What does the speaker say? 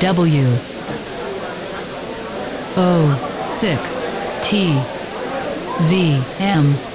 W O 6 T V M